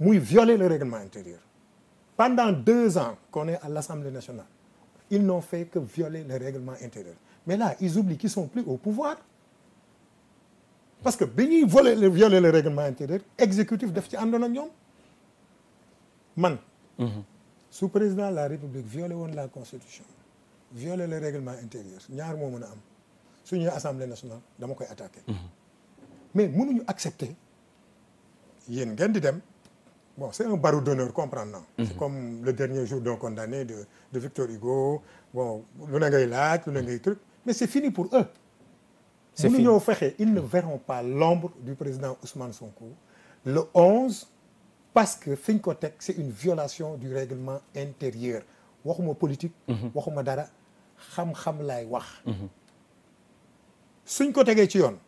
ont violer le règlement intérieur pendant deux ans qu'on est à l'Assemblée nationale ils n'ont fait que violer le règlement intérieur mais là ils oublient qu'ils ne sont plus au pouvoir parce que si ils violer le règlement intérieur exécutif de ci man mhm. sous président de la république violé la constitution violer le règlement intérieur ñaar moo mën a am assemblée nationale Nous avons attaqué mais mënuñu accepter yéen ngeen di dem Bon, c'est un barreau d'honneur, comprendre. C'est mhm. comme le dernier jour d'un condamné de, Victor Hugo. Bon, le l'acte, le truc. Mais c'est fini pour eux. C'est Fini. Ils ne verront pas l'ombre du président Ousmane Sonko. Le 11, parce que c'est une violation du règlement intérieur. Wahouma politique, pas mhm. dara, que kham lay wax. Fincotec mhm.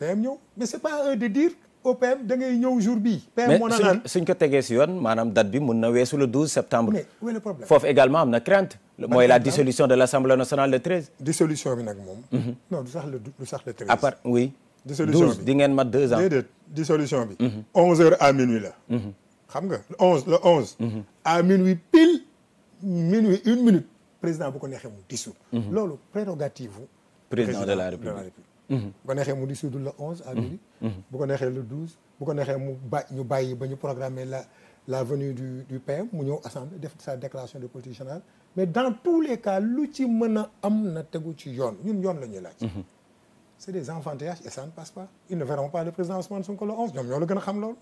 est Mais c'est pas à eux de dire au da ngay ñëw jour aujourd'hui, PM moo na mais si ko date bi le 12 septembre. mais où est le problème Faut également am na crainte. mooy la hein? dissolution de l'Assemblée nationale le 13. dissolution bi nag mhm. non le 13. à part oui. dissolution bi 12 deux 2 ans. dissolution 11h mhm. à minuit là. Mhm. xam le 11 le 11. à minuit pile minuit une minute Le président bu ko neexee mu dissout. le prérogative président de la république. Mm-hmm. bu ko neexee mu dissoudre le 11 à midi. Mm-hmm. Mm-hmm. bu ko neexee le 12 bu ko neexee mu ba ñu bàyyi ba programmer la la venue du du PM mu ñëw assemblée def sa déclaration de politique générale mais dans tous les cas lu ci mën a am na tegu ci yoon ñun yoon la ñuy c'est des enfantillages et ça ne passe pas ils ne verront pas le président Ousmane Sonko le 11 ñoom ñoo la gën a